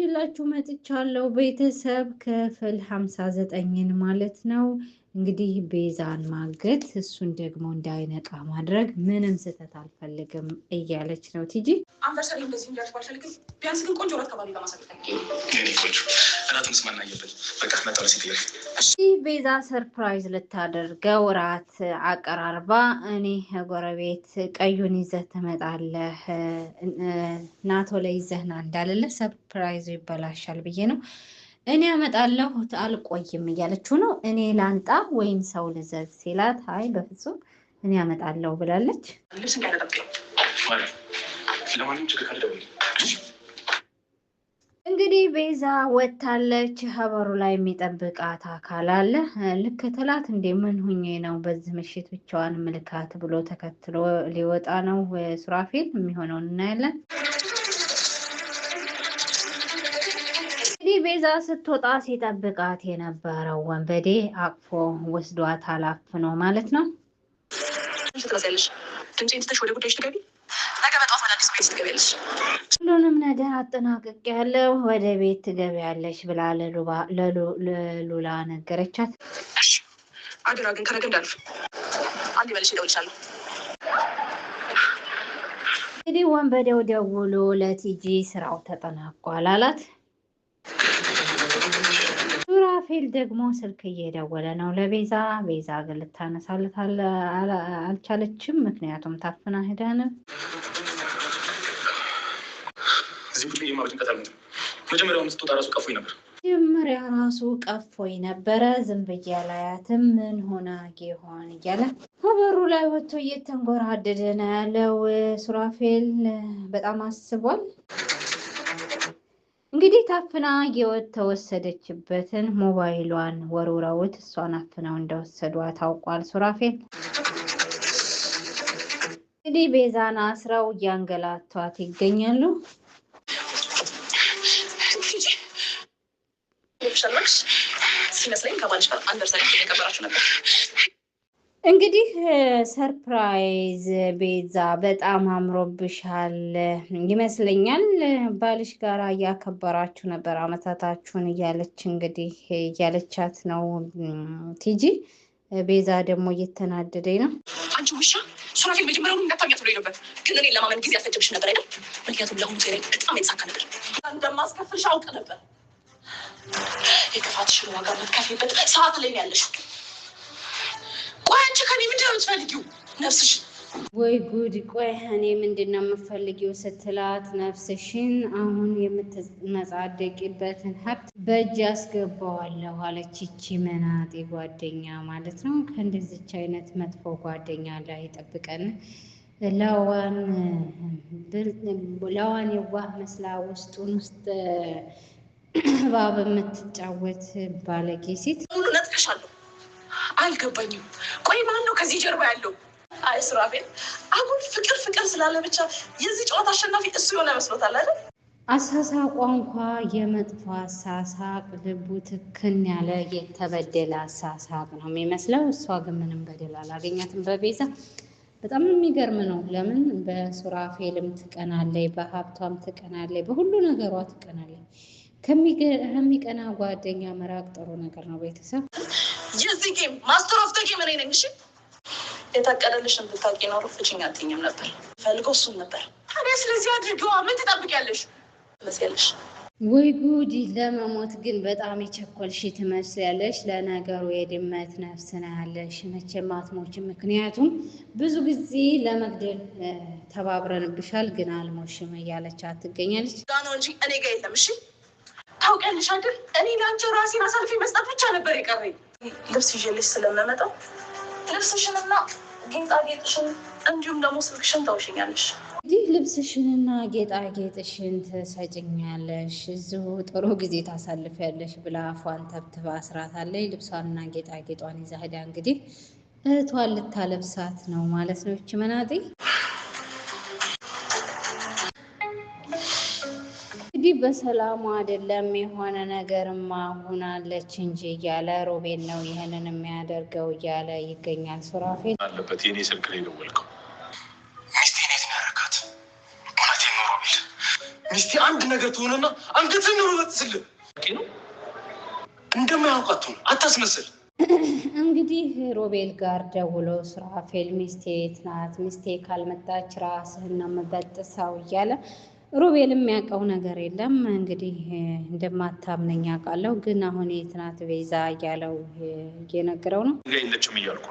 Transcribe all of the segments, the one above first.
ይዤላችሁ መጥቻለሁ ቤተሰብ ክፍል 59ን ማለት ነው። እንግዲህ ቤዛን ማገት እሱን ደግሞ እንዳይነቃ ማድረግ ምንም ስህተት አልፈልግም እያለች ነው ቲጂ። ይህ ቤዛ ሰርፕራይዝ ልታደርገው ራት አቀራርባ እኔ ጎረቤት ቀዩን ይዘህ ትመጣለህ ናቶ ላይ ይዘህና እንዳለለ ሰርፕራይዙ ይበላሻል ብዬ ነው እኔ አመጣለሁ አልቆይም እያለችው ነው። እኔ ላንጣ ወይም ሰው ልዘዝ ሲላት አይ በፍጹም እኔ አመጣለሁ ብላለች። እንግዲህ ቤዛ ወታለች ሀበሩ ላይ የሚጠብቃት አካል አለ። ልክ ትላት እንዴ ምን ሁኜ ነው በዚህ ምሽት ብቻዋን ምልካት ብሎ ተከትሎ ሊወጣ ነው ሱራፌል። የሚሆነውን እናያለን። ቤዛ ስትወጣ ሲጠብቃት የነበረው ወንበዴ አቅፎ አላፍ ነው ማለት ነው። ሁሉንም ነገር አጠናቅቅ ያለው ወደ ቤት ትገቢያለሽ ብላ ለሉላ ነገረቻት። አደራ ግን ከነገ እንዳልፍ አንድ መልሽ እንግዲህ ወንበዴው ደውሎ ለቲጂ ስራው ተጠናቋል አላት። ሱራፌል ደግሞ ስልክ እየደወለ ነው ለቤዛ። ቤዛ ግን ልታነሳለት አልቻለችም፣ ምክንያቱም ታፍና ሄደን መጀመሪያ ራሱ ቀፎኝ ነበረ። ዝም ብዬ አላያትም ምን ሆና ጌሆን እያለ ከበሩ ላይ ወጥቶ እየተንጎራደደ ነው ያለው ሱራፌል። በጣም አስቧል። እንግዲህ ታፍና የተወሰደችበትን ሞባይሏን ወርውረውት እሷን አፍነው እንደወሰዷ ታውቋል። ሱራፌን እንግዲህ ቤዛን አስረው እያንገላቷት ይገኛሉ። ሲመስለኝ ከባልሽ ጋር የቀበራችሁ ነበር እንግዲህ ሰርፕራይዝ ቤዛ በጣም አምሮብሻል ይመስለኛል። ባልሽ ጋር እያከበራችሁ ነበር አመታታችሁን እያለች እንግዲህ እያለቻት ነው ቲጂ። ቤዛ ደግሞ እየተናደደኝ ነው። አንቺ ውሻ እንዳታሚያት ብሎ ነበር፣ ግን ለማመን ጊዜ ያስፈጀብሽ ነበር አይደል? ምክንያቱም ለአሁኑ በጣም የተሳካ ነበር እንደማስከፍልሽ አውቅ ነበር። የክፋትሽን ዋጋ ሰዓት ላይ ያለሽው። ቆይ አንቺ ከኔ ምንድነው የምትፈልጊው? ነፍስሽን ወይ ጉድ! ቆይ እኔ ምንድነው የምፈልጊው ስትላት ነፍስሽን አሁን የምትመጻደቂበትን ሀብት በእጅ ያስገባዋለሁ አለች። ይቺ መናጤ ጓደኛ ማለት ነው። ከእንደዚች አይነት መጥፎ ጓደኛ ላይ ይጠብቀን። ለዋን የዋህ መስላ ውስጡን ውስጥ እባብ የምትጫወት ባለጌ ሴት ሙሉ ነጥቅሻለሁ አልገባኝም። ቆይ ማን ነው ከዚህ ጀርባ ያለው? አይ ሱራፌል፣ አሁን ፍቅር ፍቅር ስላለ ብቻ የዚህ ጨዋታ አሸናፊ እሱ የሆነ መስሎታል አይደል? አሳሳቋ እንኳ የመጥፎ አሳሳቅ ልቡ ትክን ያለ የተበደለ አሳሳቅ ነው የሚመስለው። እሷ ግን ምንም በደል አላገኛትም በቤዛ በጣም የሚገርም ነው። ለምን በሱራፌልም ትቀናለይ፣ በሀብቷም ትቀናለይ፣ በሁሉ ነገሯ ትቀናለይ። ከሚቀና ጓደኛ መራቅ ጥሩ ነገር ነው። ቤተሰብ የዚህ ጌም ማስተር ኦፍ ጌም እኔ ነኝ። እሺ የታቀደልሽን ብታውቂ ኖሮ ፍቺኝ አትይኝም ነበር። ፈልጎ እሱም ነበር ታዲያ። ስለዚህ አድርገዋ ምን ትጠብቂያለሽ? መስያለሽ ወይ ጉድ! ለመሞት ግን በጣም የቸኮልሽ ትመስያለሽ። ለነገሩ የድመት ነፍስ ነው ያለሽ፣ መቼም አትሞችም። ምክንያቱም ብዙ ጊዜ ለመግደል ተባብረንብሻል፣ ግን አልሞሽም እያለች አትገኛለች። ጋ ነው እንጂ እኔ ጋ የለም። እሺ ታውቂያለሽ አይደል? እኔ ለአንቺ ራሴን አሳልፌ መስጠት ብቻ ነበር የቀረኝ። ልብስ ይዤልሽ ስለምመጣ ልብስሽንና ጌጣጌጥሽን እንዲሁም ደግሞ ስልክሽን ታውሽኛለሽ። እንዲህ ልብስሽንና ጌጣጌጥሽን ትሰጭኛለሽ፣ እዚሁ ጥሩ ጊዜ ታሳልፊያለሽ ብላ አፏን ተብትባ አስራታለች። ልብሷንና ጌጣጌጧን ይዛ ሄዳ እንግዲህ እህቷን ልታለብሳት ነው ማለት ነው ይች መናጤ በሰላሙ አይደለም የሆነ ነገርማ ሁናለች እንጂ እያለ ሮቤን ነው ይህንን የሚያደርገው እያለ ይገኛል። ሱራፌ አለበት የኔ ስልክ ላይ ደወልከው? ሚስቴ እኔት ነው ያደረካት? እውነቴን ነው ሚስቴ አንድ ነገር ትሆንና አንገት ነው ስል ነው እንደማያውቃት ሆነ አታስመስል። እንግዲህ ሮቤል ጋር ደውሎ ስራፌል ሚስቴ የት ናት? ሚስቴ ካልመጣች ራስህን ነው የምበጥሰው እያለ ሩቤል ያውቀው ነገር የለም። እንግዲህ እንደማታምነኝ አውቃለሁ፣ ግን አሁን የት ናት ቤዛ እያለው እየነገረው ነው። የለችም እያልኩ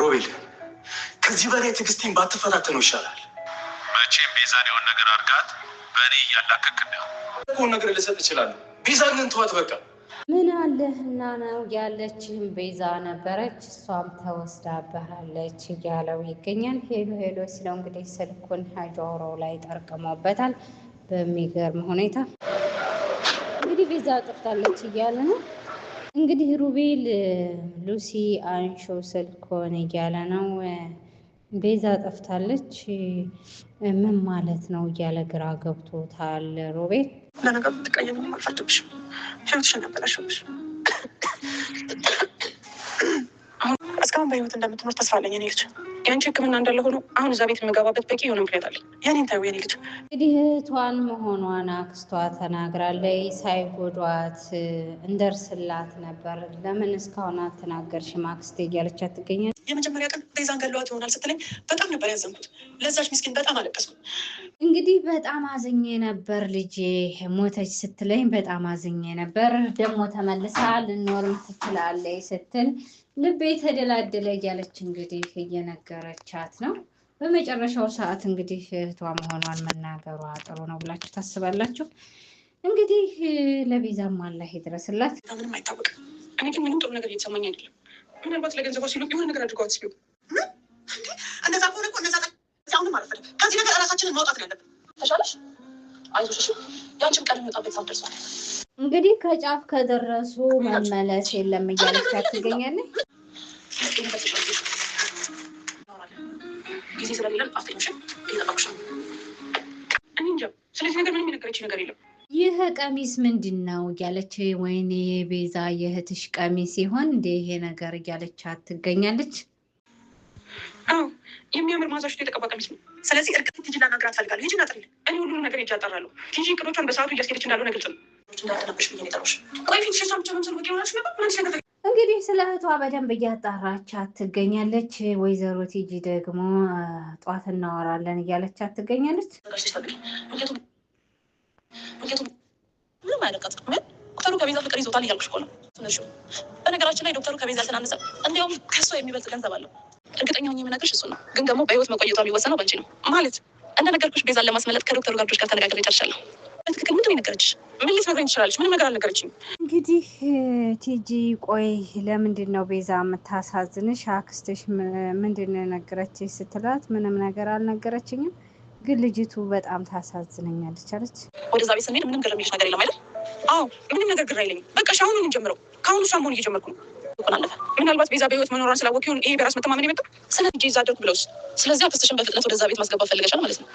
ሩቤል፣ ከዚህ በላይ ትዕግስቴን ባትፈታተነው ይሻላል። መቼም ቤዛን የሆነ ነገር አድርጋት በእኔ እያላከክና ነገር ልሰጥ ይችላል። ቤዛ ግን ተዋት በቃ ምን አለህና ነው ያለችህም ቤዛ ነበረች፣ እሷም ተወስዳብሃለች እያለው ይገኛል። ሄሎ ሄሎ ሲለው እንግዲህ ስልኩን ጆሮው ላይ ጠርቅሞበታል በሚገርም ሁኔታ እንግዲህ ቤዛ ጠፍታለች እያለ ነው። እንግዲህ ሩቤል ሉሲ አንሾ ስልኮን እያለ ነው። ቤዛ ጠፍታለች ምን ማለት ነው እያለ ግራ ገብቶታል ሩቤል ለነገሩ ትቀየም አልፈለግሽ ህይወትሽን ነበረሽብሽ። እስካሁን በህይወት እንደምትኖር ተስፋ አለኝ። እኔ ልጅ የአንቺ ሕክምና እንዳለ ሆኖ አሁን እዛ ቤት የምገባበት በቂ የሆነ ምክንያት አለ። ያኔን ታዩ የኔ ልጅ እንግዲህ እህቷን መሆኗን አክስቷ ተናግራለች። ሳይጎዷት እንደርስላት ነበር። ለምን እስካሁን አልተናገርሽም አክስቴ እያለች ትገኛል። የመጀመሪያ ቀን ቤዛን ገለዋት ይሆናል ስትለኝ በጣም ነበር ያዘንኩት። ለዛች ምስኪን በጣም አለቀስኩ። እንግዲህ በጣም አዝኜ ነበር ልጄ ሞተች ስትለኝ በጣም አዝኜ ነበር። ደግሞ ተመልሳ ልኖርም ትችላለች ስትል ልቤ የተደላደለ እያለች እንግዲህ እየነገረቻት ነው። በመጨረሻው ሰዓት እንግዲህ እህቷ መሆኗን መናገሯ ጥሩ ነው ብላችሁ ታስባላችሁ? እንግዲህ ለቤዛም አላህ ይድረስላት። ምንም አይታወቅም። እኔ ግን ምንም ጥሩ ነገር እየተሰማኝ አይደለም። ምናልባት ለገንዘቧ ሲሉ የሆነ ነገር አድርገዋት ሲሉ እንደዛ ከሆነ እነዛ አሁንም ከዚህ ነገር እራሳችንን ነው ያለብን። ተሻለሽ፣ አይዞሽ። ያንቺም ቀን የሚወጣበት ሰዓት ደርሷል። እንግዲህ ከጫፍ ከደረሱ መመለስ የለም እያለቻት ትገኛለች። ጊዜ ስለሌለን አፍቴንሽን እየጠበቅሽ ነው። እኔ እንጃ ስለዚህ ነገር ምንም የነገረችኝ ነገር የለም። ይህ ቀሚስ ምንድን ነው እያለች ወይኔ የቤዛ የእህትሽ ቀሚስ ሲሆን እንደ ይሄ ነገር እያለች ትገኛለች። የሚያምር ማዛሽ የተቀባ ቀሚስ ነው። ስለዚህ እርግጥ ቲጂና ነገር አትፈልጋለሁ ቲጂና ጥሪ እኔ ሁሉንም ነገር ሄጄ አጣራለሁ። ቲጂ ቅዶቿን በሰዓቱ እያስኬደች እንዳልሆነ ግልጽ ነው። እንዳልጠነብሽ ብዬ ጠሮች ቆይ ብቻ መምሰል ወቅ የሆናች ነበር ምን ነገር እንግዲህ ስለ እህቷ በደንብ እያጣራቻት ትገኛለች። ወይዘሮ ቲጂ ደግሞ ጠዋት እናወራለን እያለቻት ትገኛለች። ምንም አይለቃት ዶክተሩ ከቤዛ ፍቅር ይዞታል እያልኩሽ እኮ ነው። በነገራችን ላይ ዶክተሩ ከቤዛ ስናነሰ እንዲያውም ከሷ የሚበልጥ ገንዘብ አለው። እርግጠኛ ሆኜ የምነግርሽ እሱ ነው። ግን ደግሞ በህይወት መቆየቷ የሚወሰነው በእንጂ ነው ማለት እንደነገርኩሽ ቤዛን ለማስመለጥ ከዶክተሩ ጋርዶች ጋር ተነጋግሬ ጨርሻለሁ። በትክክል ምንድን ነው ትችላለች። ምንም ነገር አልነገረችኝ። እንግዲህ ቲጂ ቆይ ለምንድን ነው ቤዛ የምታሳዝንሽ? አክስትሽ ምንድን ነገረች ስትላት ምንም ነገር አልነገረችኝም፣ ግን ልጅቱ በጣም ታሳዝነኛለች አለች። ወደዛ ቤት ስንሄድ ምንም ገረሚልሽ ነገር የለም አይደል? አዎ ምንም ነገር ግራ አይለኝም። በቃ ሻሁኑ ጀምረው፣ ከአሁኑ ሻ መሆን እየጀመርኩ ነው አልተጣላንም። ምናልባት ቤዛ በህይወት መኖሯን ስላወቅ ይሁን ይሄ በራስ መተማመን የመጣው ስለ ልጄ እዛ አደርኩ ብለውስ። ስለዚህ አክስትሽን በፍጥነት ወደዛ ቤት ማስገባት ፈልገሻል ማለት ነው።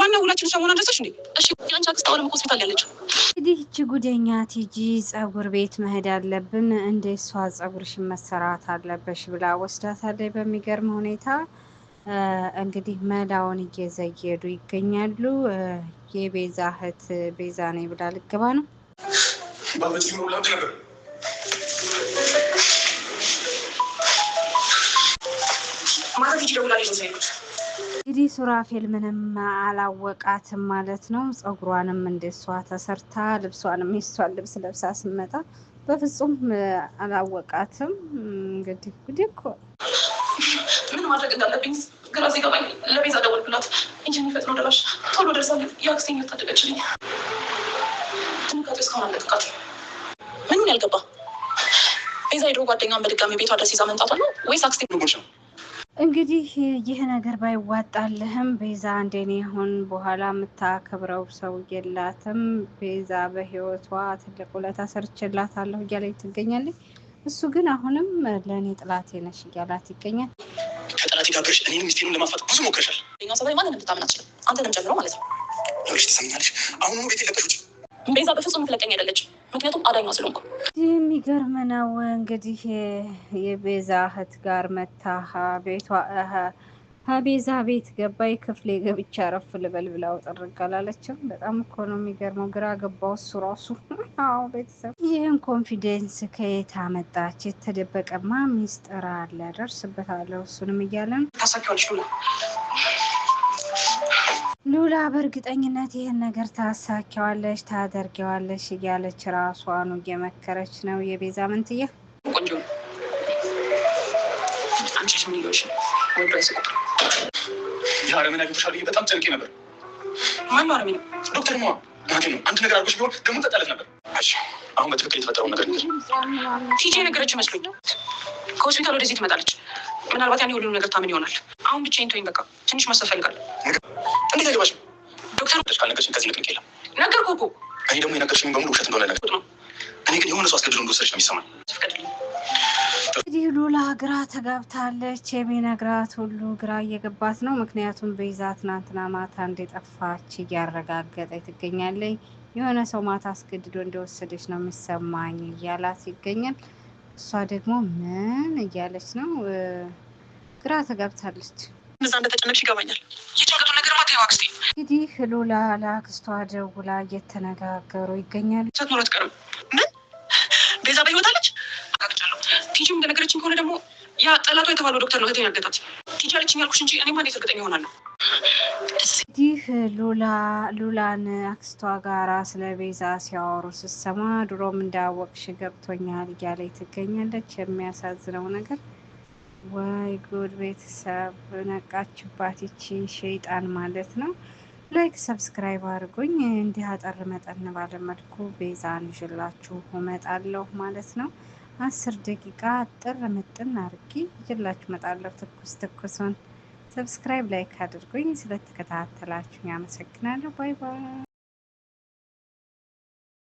ዋናው ሁላችን እሷ መሆኗን እንዴ? እሺ፣ አንቺ አክስት አሁንም ሆስፒታል ያለችው እንግዲህ እቺ ጉደኛ ቲጂ ጸጉር ቤት መሄድ አለብን እንደ እሷ ጸጉርሽን መሰራት አለበሽ ብላ ወስዳታለች። በሚገርም ሁኔታ እንግዲህ መላውን እየዘየዱ ይገኛሉ። የቤዛ እህት ቤዛ ነኝ ብላ ልገባ ነው። ማረፍ ይችለውላል። እንግዲህ ሱራፌል ምንም አላወቃትም ማለት ነው። ጸጉሯንም እንደሷ ተሰርታ ልብሷንም የሷን ልብስ ለብሳ ስመጣ በፍጹም አላወቃትም። እንግዲህ ጉድ እኮ ምን ማድረግ እንዳለብኝ ግራ ሲገባኝ ለቤዛ ደወልኩላት እንጂ የሚፈጥነው ደራሽ ቶሎ ደርሳል። የአክስቴን ታደቀችልኝ ትንቃቱ እስካሁን አለቅቃት። ምንም ያልገባ ቤዛ የድሮ ጓደኛን በድጋሚ ቤቷ ደስ ይዛ መምጣቷ ነው ወይስ አክስቴ ነው? እንግዲህ ይህ ነገር ባይዋጣልህም ቤዛ እንደኔ ይሁን በኋላ የምታከብረው ሰው የላትም። ቤዛ በህይወቷ ትልቅ ውለታ ሰርቼላታለሁ እያለች ትገኛለች። እሱ ግን አሁንም ለእኔ ጥላቴ ነሽ እያላት ይገኛል። ከጠላቴ ጋብረሽ እኔን ሚስቴሩን ለማጥፋት ብዙ ሞክረሻል። ሰው ማንን ልታምን አትችልም፣ አንተንም ጨምሮ ማለት ነው። ተሰምኛለሽ አሁኑ ቤት ለቀሽ ውጭ ቤዛ በፍጹም የምትለቀኝ አይደለች፣ ምክንያቱም አዳኛ ስለሆንኩ። የሚገርም ነው እንግዲህ የቤዛ እህት ጋር መታ ቤቷ ከቤዛ ቤት ገባይ ክፍሌ ገብቻ ረፍ ልበል ብላ ጥርግ አላለችም። በጣም እኮ ነው የሚገርመው። ግራ ገባው እሱ ራሱ። አዎ ቤተሰብ ይህን ኮንፊደንስ ከየት አመጣች? የተደበቀማ ሚስጥር አለ፣ ደርስበታለሁ። እሱንም እያለን ታሳኪዋልሽ ሉላ በእርግጠኝነት ይህን ነገር ታሳኪዋለሽ፣ ታደርጊዋለሽ እያለች ራሷኑ እየመከረች ነው። የቤዛ ምንትያ በጣም ጨንቄ ነበር። አንድ ነገር ቢሆን ነበር። አሁን በትክክል የተፈጠረው ነገር ቲጂ ነገረች መስሎኝ ከሆስፒታል ወደዚህ ትመጣለች። ምናልባት ያን ሁሉም ነገር ታምን ይሆናል። አሁን ብቻዬን ተወኝ። በቃ ትንሽ ማሰብ እፈልጋለሁ። እንዴት አይገባሽም? ዶክተር ካልነገርሽኝ ከዚህ ንቅንቅ የለም። ነገርኩ እኮ እኔ ደግሞ የነገርሽኝ በሙሉ ውሸት እንደሆነ ነገር ነው። እኔ ግን የሆነ ሰው አስገድዶ እንደወሰደች ነው የሚሰማኝ። እንግዲህ ሉላ ግራ ተጋብታለች። የሚነግራት ሁሉ ግራ እየገባት ነው። ምክንያቱም ቤዛ ትናንትና ማታ እንደጠፋች እያረጋገጠ ትገኛለች። የሆነ ሰው ማታ አስገድዶ እንደወሰደች ነው የሚሰማኝ እያላት ይገኛል። እሷ ደግሞ ምን እያለች ነው? ግራ ተጋብታለች። እዛ እንደተጨነቅሽ ይገባኛል። አክስቴ እንግዲህ ሉላ ለአክስቷ ደውላ እየተነጋገሩ ይገኛሉ። ሳትኖር ቀርም ምን ቤዛ በሕይወት አለች? አቃቅቻለሁ። ቲጂም እንደነገረችን ከሆነ ደግሞ ያ ጠላቷ የተባለው ዶክተር ነው እህቴን ያገጣት። ቲጂ አለችኝ ያልኩሽ እንጂ እኔማ እንዴት እርግጠኛ እሆናለሁ? እንግዲህ ሉላ ሉላን አክስቷ ጋራ ስለ ቤዛ ሲያወሩ ስሰማ ድሮም እንዳወቅሽ ገብቶኛል እያለች ትገኛለች። የሚያሳዝነው ነገር ወይ ጉድ! ቤተሰብ ነቃችሁባት። ይቺ ሸይጣን ማለት ነው። ላይክ ሰብስክራይብ አድርጉኝ። እንዲህ አጠር መጠን ባለ መልኩ ቤዛን ይዤላችሁ እመጣለሁ ማለት ነው። አስር ደቂቃ አጥር ምጥን አርጊ ይዤላችሁ እመጣለሁ። ትኩስ ትኩሱን ሰብስክራይብ ላይክ አድርጉኝ። ስለተከታተላችሁ ያመሰግናለሁ። ባይ ባይ።